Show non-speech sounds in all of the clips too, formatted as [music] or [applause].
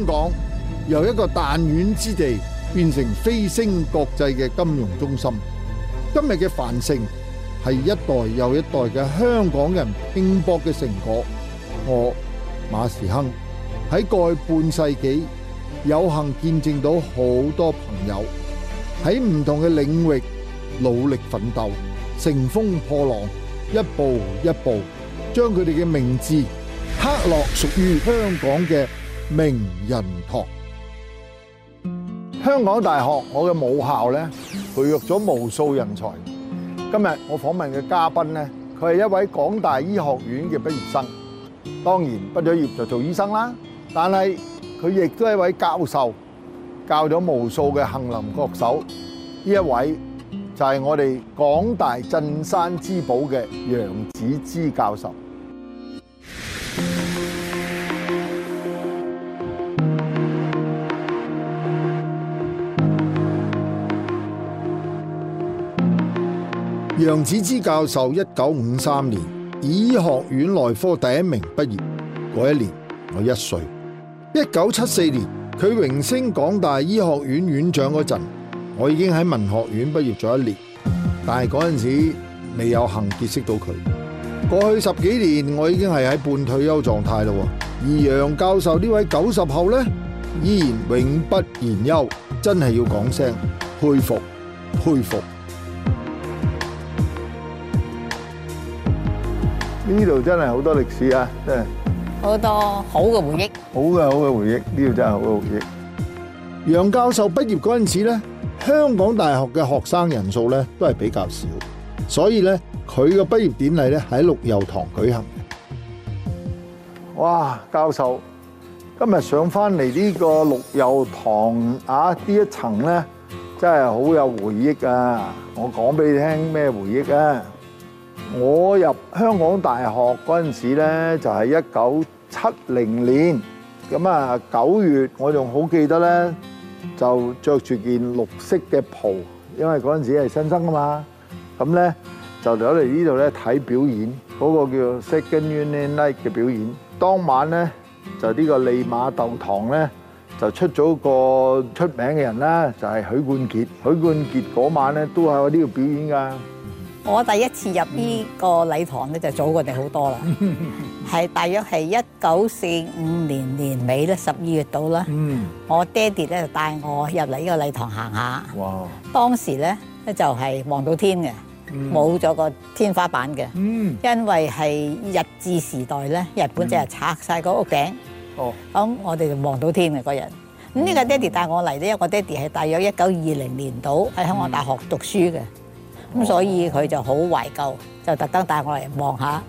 香港由一個彈丸之地變成飛升國際嘅金融中心，今日嘅繁盛係一代又一代嘅香港人拼搏嘅成果。我馬時亨喺過去半世紀，有幸見證到好多朋友喺唔同嘅領域努力奮鬥、乘風破浪，一步一步將佢哋嘅名字刻落屬於香港嘅。名人堂，香港大學我嘅母校咧，培育咗無數人才。今日我訪問嘅嘉賓咧，佢係一位港大醫學院嘅畢業生，當然畢咗業就做醫生啦。但係佢亦都係一位教授，教咗無數嘅杏林國手。呢一位就係我哋港大鎮山之寶嘅楊紫芝教授。楊紫芝教授一九五三年以醫學院內科第一名畢業，嗰一年我一歲。一九七四年佢榮升港大醫學院院長嗰陣，我已經喺文學院畢業咗一年，但係嗰陣時未有幸結識到佢。過去十幾年我已經係喺半退休狀態啦，而楊教授呢位九十後呢，依然永不言休，真係要講聲佩服佩服。佩服呢度真係好多歷史啊，真係好多好嘅回憶，好嘅好嘅回憶，呢度真係好嘅回憶。楊教授畢業嗰陣時咧，香港大學嘅學生人數咧都係比較少，所以咧佢嘅畢業典禮咧喺陸佑堂舉行。哇，教授，今日上返嚟呢個陸佑堂啊，呢一層咧，真係好有回憶啊！我講俾你聽咩回憶啊？我入香港大學嗰陣時咧，就係一九七零年，咁啊九月，我仲好記得咧，就著住件綠色嘅袍，因為嗰陣時係新生啊嘛。咁咧就走嚟呢度咧睇表演，嗰個叫《Second Year Night》嘅表演。當晚咧就呢個利瑪竇堂咧就出咗個出名嘅人啦，就係許冠傑。許冠傑嗰晚咧都喺呢度表演噶。我第一次入這個禮呢個禮堂咧，就早過你好多啦，係大約係一九四五年年尾咧，十二月到啦。我爹哋咧就帶我入嚟呢個禮堂行下。哇！當時咧，就係、是、望到天嘅，冇咗、嗯、個天花板嘅。嗯。因為係日治時代咧，日本仔啊拆晒個屋頂。哦、嗯。咁我哋就望到天嘅個人。咁呢哇個爹哋帶我嚟呢一個爹哋係大約一九二零年到喺香港大學讀書嘅。嗯咁所以佢就好懷舊，就特登帶我嚟望下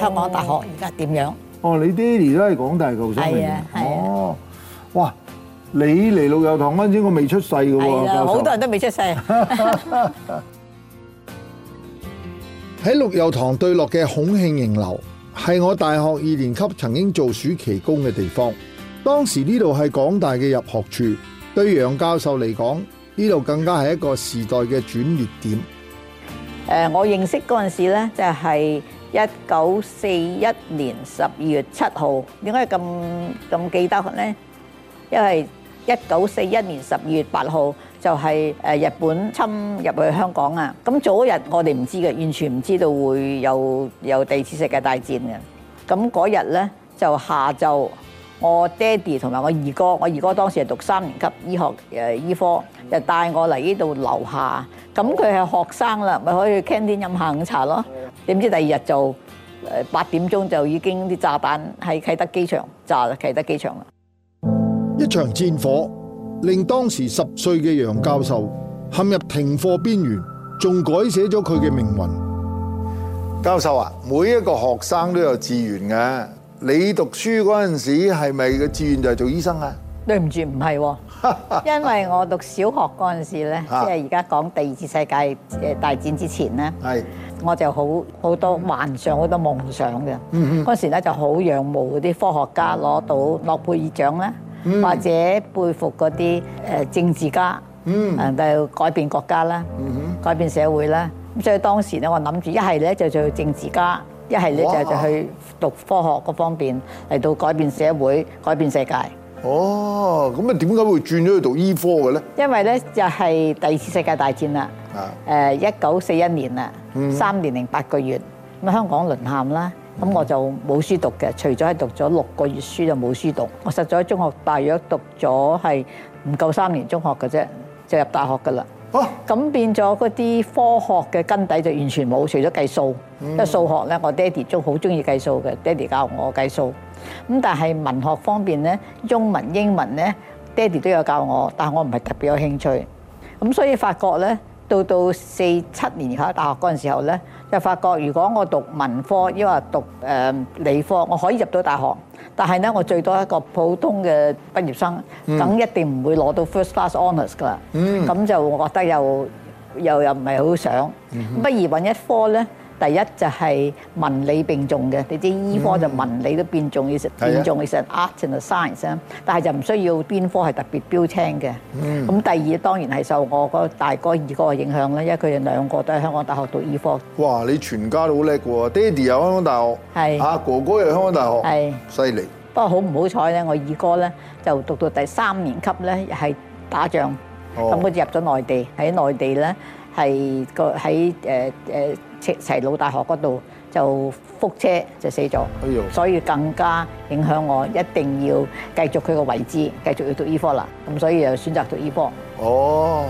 香港大學而家點樣。哦，你爹哋都係港大舊生嚟嘅。哦，哇！你嚟陸佑堂嗰陣，我未出世嘅喎。係啊，好多人都未出世。喺陸佑堂對落嘅孔慶熒樓係我大學二年級曾經做暑期工嘅地方。當時呢度係港大嘅入學處，對楊教授嚟講，呢度更加係一個時代嘅轉捩點。誒，我認識嗰陣時呢，就係一九四一年十二月七號。點解咁咁記得呢？因為一九四一年十二月八號就係誒日本侵入去香港啊！咁早一日我哋唔知嘅，完全唔知道會有有第二次世界大戰嘅。咁嗰日呢，就下晝。我爹哋同埋我二哥，我二哥當時係讀三年級醫學誒、呃、醫科，就帶我嚟呢度樓下。咁佢係學生啦，咪可以去 Candy 飲下午茶咯。點知第二日就誒、呃、八點鐘就已經啲炸彈喺啟德機場炸啦，啟德機場啦。一場戰火令當時十歲嘅楊教授陷入停課邊緣，仲改寫咗佢嘅命運。教授啊，每一個學生都有志願嘅。你讀書嗰陣時係咪個志願就係做醫生啊？對唔住，唔係喎，因為我讀小學嗰陣時咧，即係而家講第二次世界誒大戰之前咧，是我就好好多幻想好、嗯、多夢想嘅。嗰、嗯、哼時咧就好仰慕嗰啲科學家攞到諾貝爾獎啦，嗯、或者佩服嗰啲誒政治家，就、嗯、改變國家啦，嗯、哼改變社會啦。咁所以當時咧，我諗住一係咧就做政治家。一係咧就就去讀科學嗰方面，嚟哇到改變社會、改變世界。哦，咁啊點解會轉咗去讀醫科嘅咧？因為咧就係、是、第二次世界大戰啦，誒一九四一年啦，三、嗯、年零八個月，咁香港淪陷啦，咁我就冇書讀嘅，嗯、除咗係讀咗六個月書就冇書讀。我實在喺中學大約讀咗係唔夠三年中學嘅啫，就入大學㗎啦。咁變咗嗰啲科學嘅根底就完全冇，除咗計數，因為數學咧，我爹哋都好中意計數嘅，爹哋教我計數。咁但係文學方邊方面咧，中文、英文咧，爹哋都有教我，但係我唔係特別有興趣。咁所以發覺咧。到到四七年考大學嗰陣時候咧，就發覺如果我讀文科，抑或讀誒、呃、理科，我可以入到大學，但係咧，我最多一個普通嘅畢業生，咁、嗯、一定唔會攞到 first class honors 㗎喇。咁、嗯、就我覺得又又又唔係好想，嗯、哼不如搵一科咧。第一就係文理並重嘅，你知醫科就文理都並重，要食並重，要食 arts and science。但係就唔需要邊科係特別標青嘅。嗯。咁第二當然係受我個大哥二哥嘅影響咧，因為佢哋兩個都喺香港大學讀醫科。哇！你全家都好叻嘅喎，爹哋又香港大學，係啊哥哥又香港大學，係犀利。不過好唔好彩咧？我二哥咧就讀到第三年級咧，又係打仗，咁佢就入咗內地，喺內地咧係個喺誒誒，齊魯大學嗰度就覆車就死咗，所以更加影響我，一定要繼續佢個遺志，繼續要讀醫科啦。咁所以又選擇讀醫科。哦。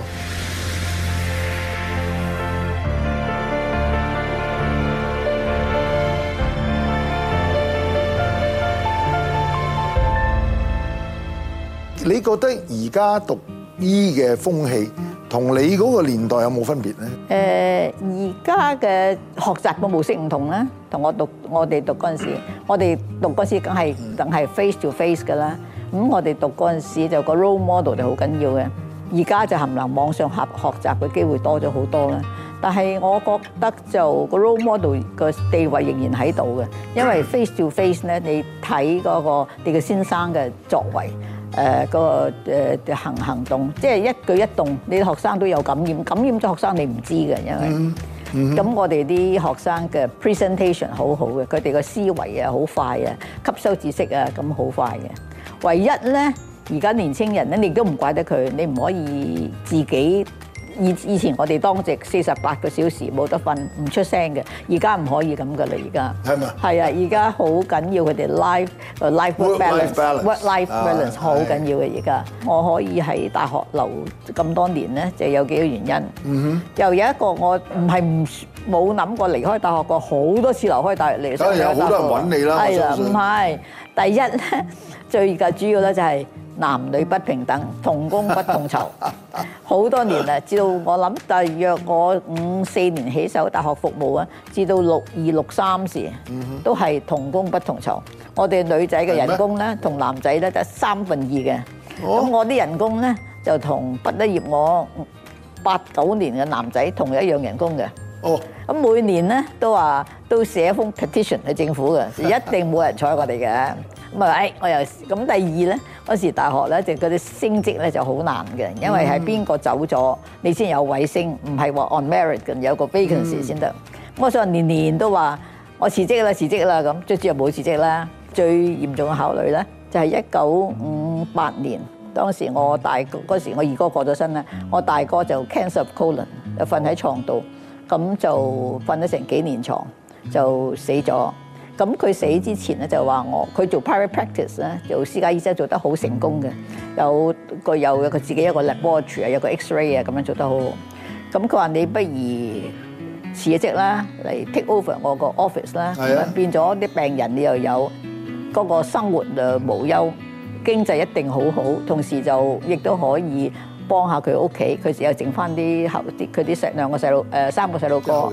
你覺得而家讀醫嘅風氣？同你嗰個年代有冇分別咧？誒、呃，而家嘅學習嘅模式唔同啦，同我讀我哋讀嗰陣時，我哋讀嗰時梗係梗係 face to face 噶啦。咁我哋讀嗰陣時就個 role model 就好緊要嘅。而家就含納網上學學習嘅機會多咗好多啦。但係我覺得就個 role model 嘅地位仍然喺度嘅，因為 face to face 咧，你睇嗰、嗰個你嘅先生嘅作為。誒、呃那個誒、呃、行，行動，即係一舉一動，你啲學生都有感染，感染咗學生你唔知嘅，因為咁、嗯嗯、我哋啲學生嘅 presentation 好好嘅，佢哋個思維啊好快啊，吸收知識啊咁好快嘅，唯一咧而家年輕人咧，你都唔怪得佢，你唔可以自己。以以前我哋當值四十八個小時冇得瞓，唔出聲嘅。而家唔可以咁噶啦，而家係咪？係啊，而家好緊要佢哋 life life work balance work life balance 好緊、啊、要嘅。而家的我可以喺大學留咁多年咧，就有幾個原因。嗯、哼。又有一個我唔係唔冇諗過離開大學過好多次，留開大學嚟。所以有好多人揾你啦。係啦的，唔係第一咧，最嘅主要咧就係、是。男女不平等，同工不同酬，好 [laughs] 多年啦。至到我諗，大約我五四年起手大學服務啊，至到六二六三時，都係同工不同酬。我哋女仔嘅人工咧，嗎同男仔咧得三分二嘅。咁、哦、我啲人工咧就同畢得業我八九年嘅男仔同一樣人工嘅。哦。咁每年咧都話都寫一封 petition 去政府嘅，一定冇人睬我哋嘅。咁啊，哎，我又咁第二咧。嗰時大學咧，那些呢就嗰啲升職咧就好難嘅，因為係邊個走咗，你先有位升，唔係話 on merit 有個 vacancy 先得。嗯、我想說年年都話我辭職啦，辭職啦咁，卒之又冇辭職啦。最嚴重嘅考慮咧，就係一九五八年，當時我大哥嗰時我二哥過咗身啦，我大哥就 cancer of colon 就瞓喺床度，咁就瞓咗成幾年床，就死咗。咁佢死之前咧就話，我佢做 private practice 咧，做私家醫生做得好成功嘅，有個有佢自己一個 laboratory 啊，有個 X ray 啊，咁樣做得好好。咁佢話你不如辭咗職啦，嚟 take over 我個 office 啦，變咗啲病人你又有嗰個生活啊無憂，經濟一定好好，同時就亦都可以幫下佢屋企，佢又剩翻啲後啲佢啲細兩個細路誒三個細路哥。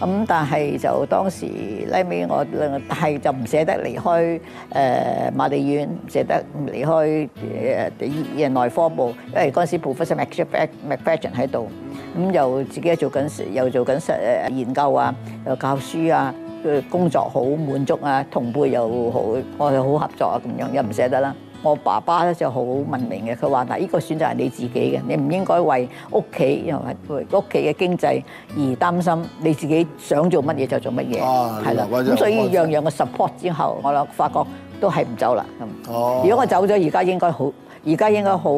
咁但係就當時拉尾我係就唔捨得離開誒瑪麗醫院，唔捨得離開誒啲人內科部，因為嗰陣時部長係 Mac Mac McFadzean 喺度，咁又自己又做緊又做緊實研究啊，又教書啊，工作好滿足啊，同輩又好我哋好合作啊，咁樣又唔捨得啦。我爸爸咧就好文明嘅，佢話：嗱，依個選擇係你自己嘅，你唔應該為屋企又係為屋企嘅經濟而擔心，你自己想做乜嘢就做乜嘢，係啦。咁所以樣樣嘅 support 之後，我就發覺都係唔走啦。咁，如果我走咗，而家應該好，而家應該好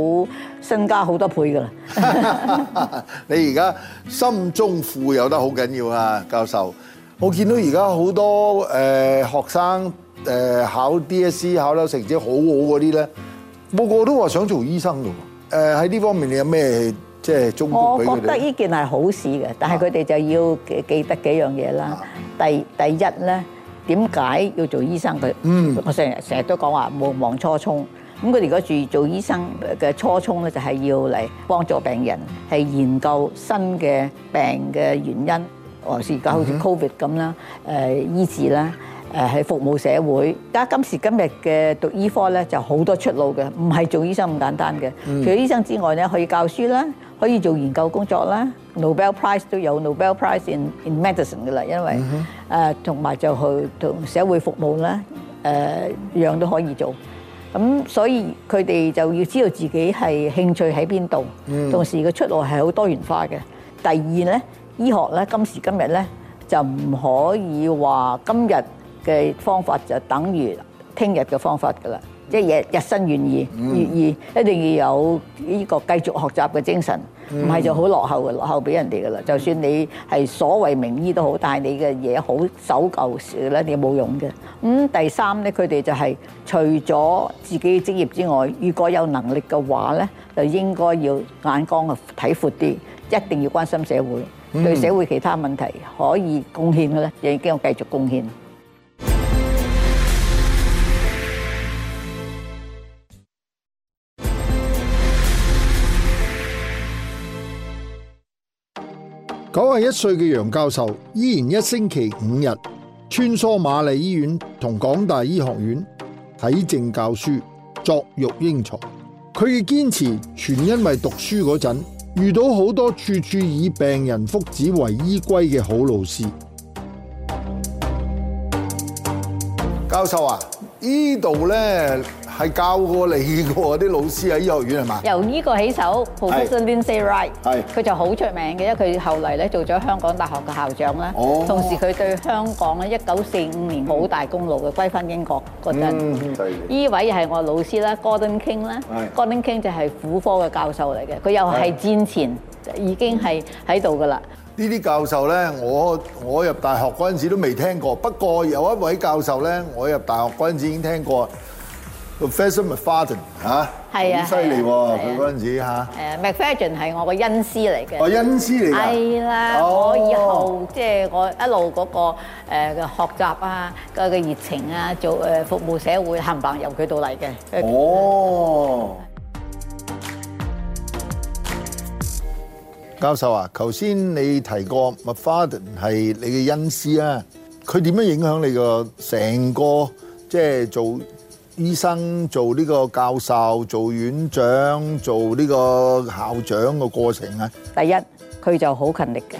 身家好多倍㗎啦。你而家心中富有得好緊要啊，教授。我見到而家好多誒學生。誒考 DSE 考到成績好好嗰啲咧，個個都話想做醫生嘅。誒喺呢方面你有咩即係忠告俾佢哋？我覺得呢件係好事嘅，但係佢哋就要記得幾樣嘢啦。第第一咧，點解要做醫生？佢我成日成日都講話毋忘初衷。咁佢哋如果做做醫生嘅初衷咧，就係要嚟幫助病人，係研究新嘅病嘅原因，或是而家好似 Covid 咁啦，誒醫治啦。誒喺服務社會，但今時今日嘅讀醫科咧，就好多出路嘅，唔係做醫生咁簡單嘅。除咗醫生之外咧，可以教書啦，可以做研究工作啦。Nobel Prize 都有 Nobel Prize in in medicine 嘅啦，因為誒同埋就去同社會服務啦，誒樣都可以做。咁所以佢哋就要知道自己係興趣喺邊度，同時個出路係好多元化嘅。第二咧，醫學咧，今時今日咧就唔可以話今日。嘅方法就等於聽日嘅方法㗎喇，即係日日新月異，月異一定要有呢個繼續學習嘅精神，唔係就好落後嘅，落後俾人哋㗎喇。就算你係所謂名醫都好，但係你嘅嘢好守舊嘅咧，你冇用嘅。咁第三咧，佢哋就係除咗自己嘅職業之外，如果有能力嘅話咧，就應該要眼光睇闊啲，一定要關心社會，對社會其他問題可以貢獻嘅咧，亦已經要繼續貢獻。九十一歲嘅楊教授，依然一星期五日穿梭瑪麗醫院同港大醫學院睇症教書，作育英才。佢嘅堅持全因為讀書嗰陣遇到好多處處以病人福祉為依歸嘅好老師。教授啊，呢度呢。係教過你嘅喎，啲老師喺醫學院係嘛？由呢個起手，Professor Lindsay Ride，係佢就好出名嘅，因為佢後嚟咧做咗香港大學嘅校長啦。哦，同時佢對香港咧，一九四五年好大功勞嘅，歸翻英國嗰陣。嗯，對。呢位又係我老師啦，Gordon King 啦，Gordon King 就係婦科嘅教授嚟嘅，佢又係戰前已經係喺度㗎啦。呢啲教授咧，我我入大學嗰陣時都未聽過，不過有一位教授咧，我入大學嗰陣時已經聽過。Profes、啊、sor McFadden 吓？嚇咁犀利喎！佢嗰陣時嚇，McFadden 係我個恩師嚟嘅，我、哦、恩師嚟嘅？係啦、啊，哦、我以後即係、就是、我一路嗰個誒學習啊、個、那個熱情啊、做誒服務社會，冚唪唥由佢到嚟嘅。哦，啊、教授啊，頭先你提過 McFadden 係你嘅恩師啊，佢點樣影響你嘅整個成個即係做？醫生做呢個教授、做院長、做呢個校長個過程啊！第一，佢就好勤力嘅，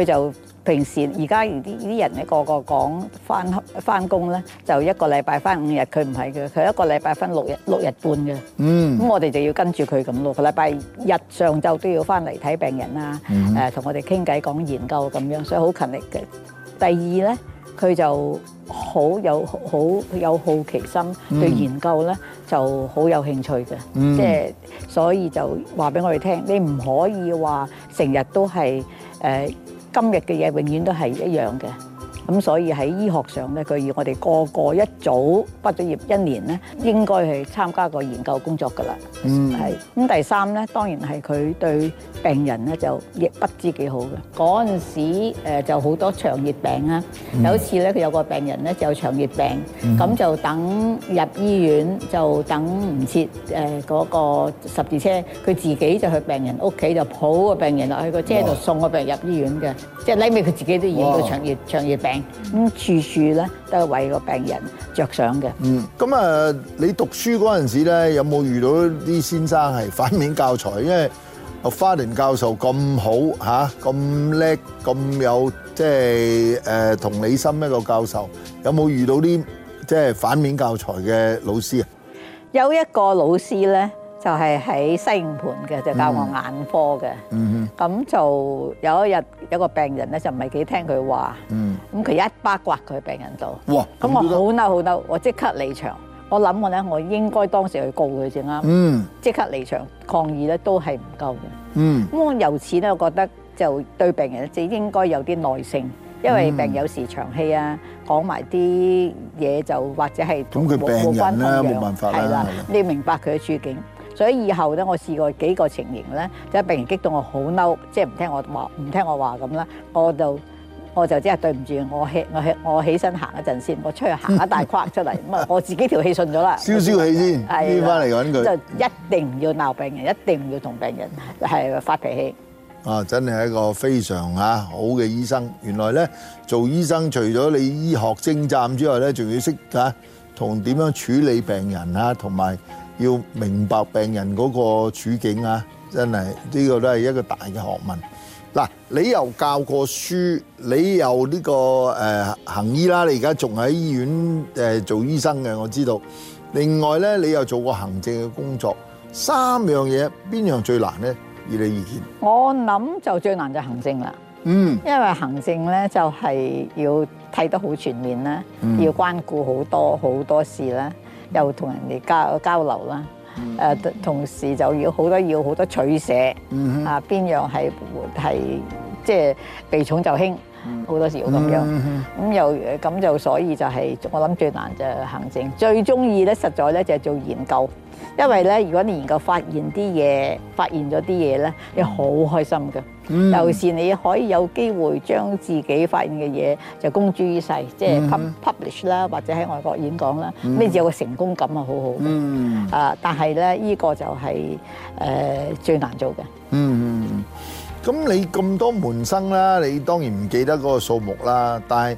佢就平時而家啲啲人咧個個講翻翻工咧，就一個禮拜翻五日，佢唔係嘅，佢一個禮拜翻六日六日半嘅。嗯，咁我哋就要跟住佢咁六個禮拜日上晝都要翻嚟睇病人啦，誒同、嗯呃、我哋傾偈講研究咁樣，所以好勤力嘅。第二咧，佢就，好有好有好奇心，對研究呢就好有興趣嘅，即係所以就話俾我哋聽，你唔可以話成日都係誒今日嘅嘢永遠都係一樣嘅。咁所以喺醫學上咧，佢要我哋個個一早畢咗業一年咧，應該去參加個研究工作噶啦。嗯。係。咁第三咧，當然係佢對病人咧就亦不知幾好嘅。嗰陣時誒就好多腸熱病啊！有次咧，佢有個病人咧就有腸熱病，咁就等入醫院就等唔切誒嗰個十字車，佢自己就去病人屋企就抱個病人落去個車度送個病人入醫院嘅。即係後尾佢自己都染到腸熱腸熱病。咁處處咧都係為個病人着想嘅。嗯，咁啊，你讀書嗰陣時咧，有冇遇到啲先生係反面教材？因為阿花蓮教授咁好嚇，咁叻，咁有即係誒同理心一個教授，有冇遇到啲即係反面教材嘅老師啊？有一個老師咧，就係喺西營盤嘅，就教我眼科嘅。嗯哼，咁就有一日有個病人咧，就唔係幾聽佢話。嗯。咁佢一巴刮佢病人度，咁、哦、我好嬲好嬲，我即刻離場。我諗我咧，我應該當時去告佢先啱。嗯，即刻離場抗議咧都係唔夠嘅。嗯，咁我由此咧，我覺得就對病人就應該有啲耐性，因為病人有時長氣啊，講埋啲嘢就或者係。咁佢、嗯、病人啦，冇辦法啦。係啦，你明白佢嘅處境，所以以後咧，我試過幾個情形咧，就係病人激到我好嬲，即係唔聽我話，唔聽我話咁啦，我就。我就真係對唔住，我起我起我起身行一陣先，我出去行一大框出嚟，咁啊我自己條氣順咗啦，消消氣先，先翻嚟講句，就一定唔要鬧病人，一定唔要同病人係發脾氣。啊，真係一個非常啊好嘅醫生。原來咧做醫生除咗你醫學精湛之外咧，仲要識啊同點樣處理病人啊，同埋要明白病人嗰個處境啊，真係呢個都係一個大嘅學問。嗱，你又教過書，你又呢、這個誒、呃、行醫啦，你而家仲喺醫院誒、呃、做醫生嘅，我知道。另外咧，你又做過行政嘅工作，三樣嘢邊樣最難咧？以你意見，我諗就最難就行政啦。嗯，因為行政咧就係、是、要睇得好全面啦，嗯、要關顧好多好多事啦，又同人哋交交流啦。誒、嗯、同時就要好多要好多取捨嗯哼，啊邊樣係係即係避重就輕。好多時會咁樣，咁、嗯嗯嗯、又咁就、呃、所以就係、是、我諗最難就行政，最中意咧，實在咧就係、是、做研究，因為咧如果你研究發現啲嘢，發現咗啲嘢咧，你好開心㗎，嗯、尤其是你可以有機會將自己發現嘅嘢就公諸於世，即係、嗯、p publish 啦、嗯，或者喺外國演講啦，呢啲、嗯、有個成功感啊，好好、嗯。啊，但係咧呢、這個就係、是、誒、呃、最難做嘅。嗯嗯咁你咁多門生啦，你當然唔記得嗰個數目啦。但係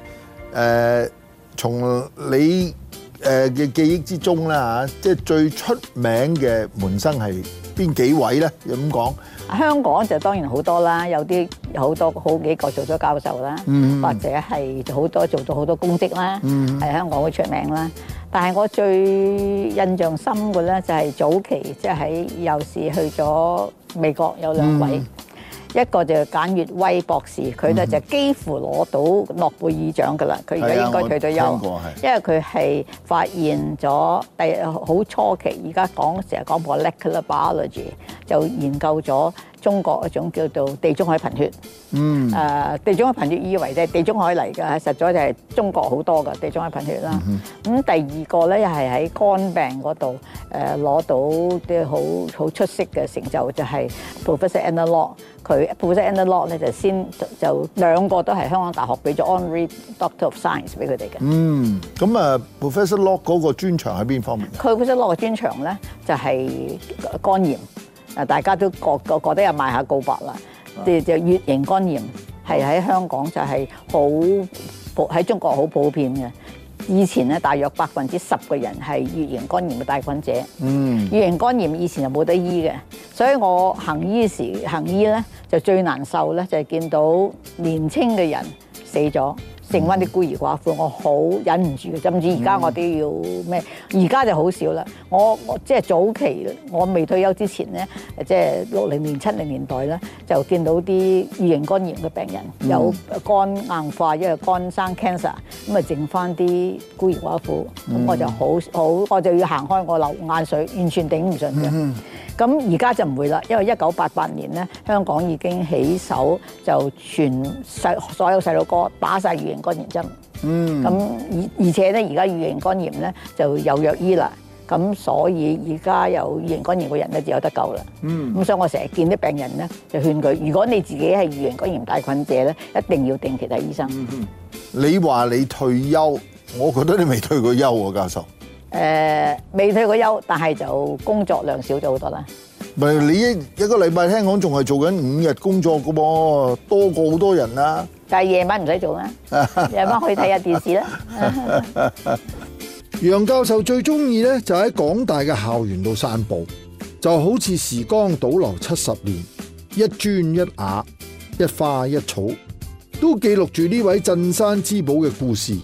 誒，從你誒嘅記憶之中啦嚇，即係最出名嘅門生係邊幾位咧？咁講香港就當然好多啦，有啲有好多好幾個做咗教授啦，或者係好多做到好多公職啦，喺香港好出名啦。但係我最印象深嘅咧就係早期即係喺幼時去咗美國有兩位。一個就簡悅威博士，佢咧就幾乎攞到諾貝爾獎㗎啦。佢而家應該佢都有，因為佢係發現咗、嗯、第好初期，而家講成日講 molecular biology 就研究咗。中國一種叫做地中海貧血，誒地中海貧血以為咧地中海嚟嘅，實在就係中國好多嘅地中海貧血啦。咁第二個咧又係喺肝病嗰度誒攞到啲好好出色嘅成就，就係 Professor Anna Lock。佢 Professor Anna Lock 咧就先就兩個都係香港大學俾咗 Honorary Doctor of Science 俾佢哋嘅。嗯，咁啊 Professor Lock 嗰個專長喺邊方面？佢 Professor Lock 嘅專長咧就係肝炎。嗱，大家都覺覺覺得有賣下告白啦，即就乙型肝炎，係喺香港就係好普，喺中國好普遍嘅。以前咧，大約百分之十嘅人係乙型肝炎嘅帶菌者。嗯，乙型肝炎以前就冇得醫嘅，所以我行醫時行醫咧，就最難受咧，就係見到年輕嘅人死咗。剩翻啲孤兒寡婦，我好忍唔住嘅，甚至而家我都要咩？而家、嗯、就好少啦。我我即係早期，我未退休之前咧，即係六零年、七零年代咧，就見到啲乙型肝炎嘅病人，有肝硬化，因為肝生 cancer，咁啊剩翻啲孤兒寡婦，咁、嗯、我就好好，我就要行開我，我流眼水，完全頂唔順嘅。嗯咁而家就唔會啦，因為一九八八年咧，香港已經起手就全細所有細路哥打曬乙型肝炎針。嗯。咁而而且咧，而家乙型肝炎咧就有藥醫啦。咁所以而家有乙型肝炎嘅人咧，就有得救啦。嗯。咁所以我成日見啲病人咧，就勸佢：如果你自己係乙型肝炎帶菌者咧，一定要定期睇醫生。嗯嗯。你話你退休，我覺得你未退過休啊，教授。誒，未退過休，但係就工作量少咗好多啦。係你一一個禮拜聽講仲係做緊五日工作噶噃，多過好多人啦。但係夜晚唔使做啦，夜晚去睇下電視啦。楊教授最中意咧，就喺港大嘅校園度散步，就好似時光倒流七十年，一磚一瓦、一花一草，都記錄住呢位鎮山之寶嘅故事。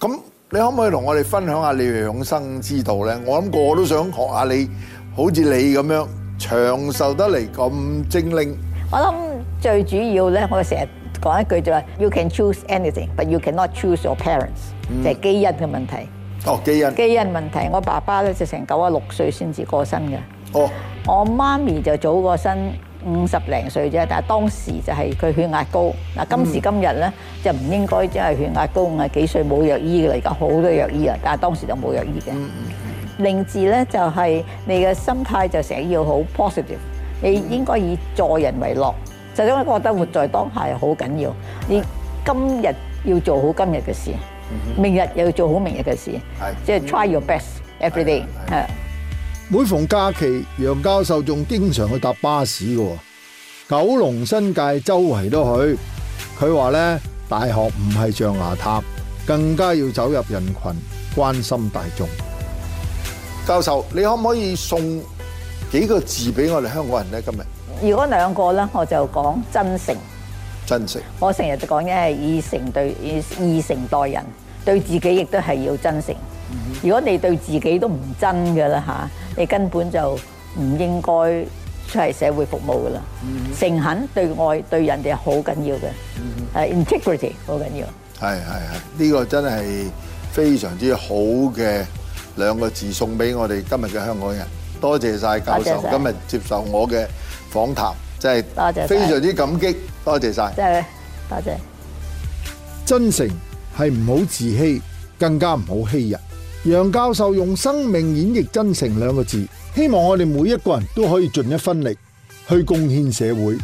咁。你可唔可以同我哋分享下你養生之道咧？我諗個個都想學下你，好似你咁樣長壽得嚟咁精靈。我諗最主要咧，我成日講一句就係：You can choose anything, but you cannot choose your parents。就係基因嘅問題。哦，基因。基因問題，我爸爸咧就成九啊六歲先至過身嘅。哦。我媽咪就早過身。五十零歲啫，但係當時就係佢血壓高。嗱，今時今日咧就唔應該即係血壓高啊，幾歲冇藥醫噶啦，而家好多藥醫啊，但係當時就冇藥醫嘅。另字咧就係你嘅心態就成日要好 positive，你應該以助人為樂。就因為覺得活在當下係好緊要，你今日要做好今日嘅事，明日又要做好明日嘅事，即係 try your best every day 嚇。每逢假期，楊教授仲經常去搭巴士喎。九龍新界周圍都去。佢話咧，大學唔係象牙塔，更加要走入人群，關心大眾。教授，你可唔可以送幾個字俾我哋香港人咧？今日如果兩個咧，我就講真誠，真誠。我成日就講嘅係以誠對，以以誠待人，對自己亦都係要真誠。嗯。如果你對自己都唔真㗎啦，吓。你根本就唔應該出嚟社會服務㗎喇，誠懇對愛對人哋好緊要嘅，誒 integrity 好緊要。係係係，呢個真係非常之好嘅兩個字，送俾我哋今日嘅香港人。多謝晒教授今日接受我嘅訪談，真係非常之感激，多謝晒。真係多謝。真誠係唔好自欺，更加唔好欺人。楊教授用生命演繹真誠兩個字，希望我哋每一個人都可以盡一分力去貢獻社會。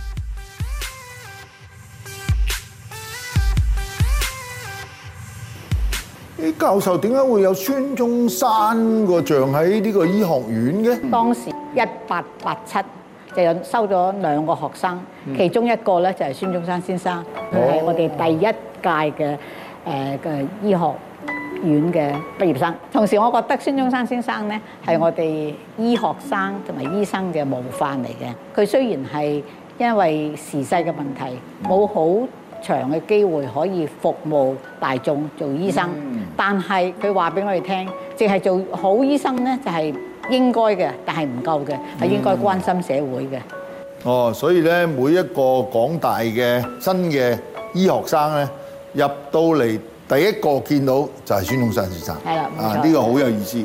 誒，教授點解會有孫中山個像喺呢個醫學院嘅？當時一八八七就有收咗兩個學生，其中一個咧就係孫中山先生，佢係我哋第一屆嘅誒嘅醫學院嘅畢業生，同時我覺得孫中山先生咧係我哋醫學生同埋醫生嘅模範嚟嘅。佢雖然係因為時勢嘅問題，冇好長嘅機會可以服務大眾做醫生，但係佢話俾我哋聽，淨係做好醫生咧就係應該嘅，但係唔夠嘅，係應該關心社會嘅。哦，所以咧每一個港大嘅新嘅醫學生咧入到嚟。第一個見到就係孫中山先生，啊，呢個好有意思。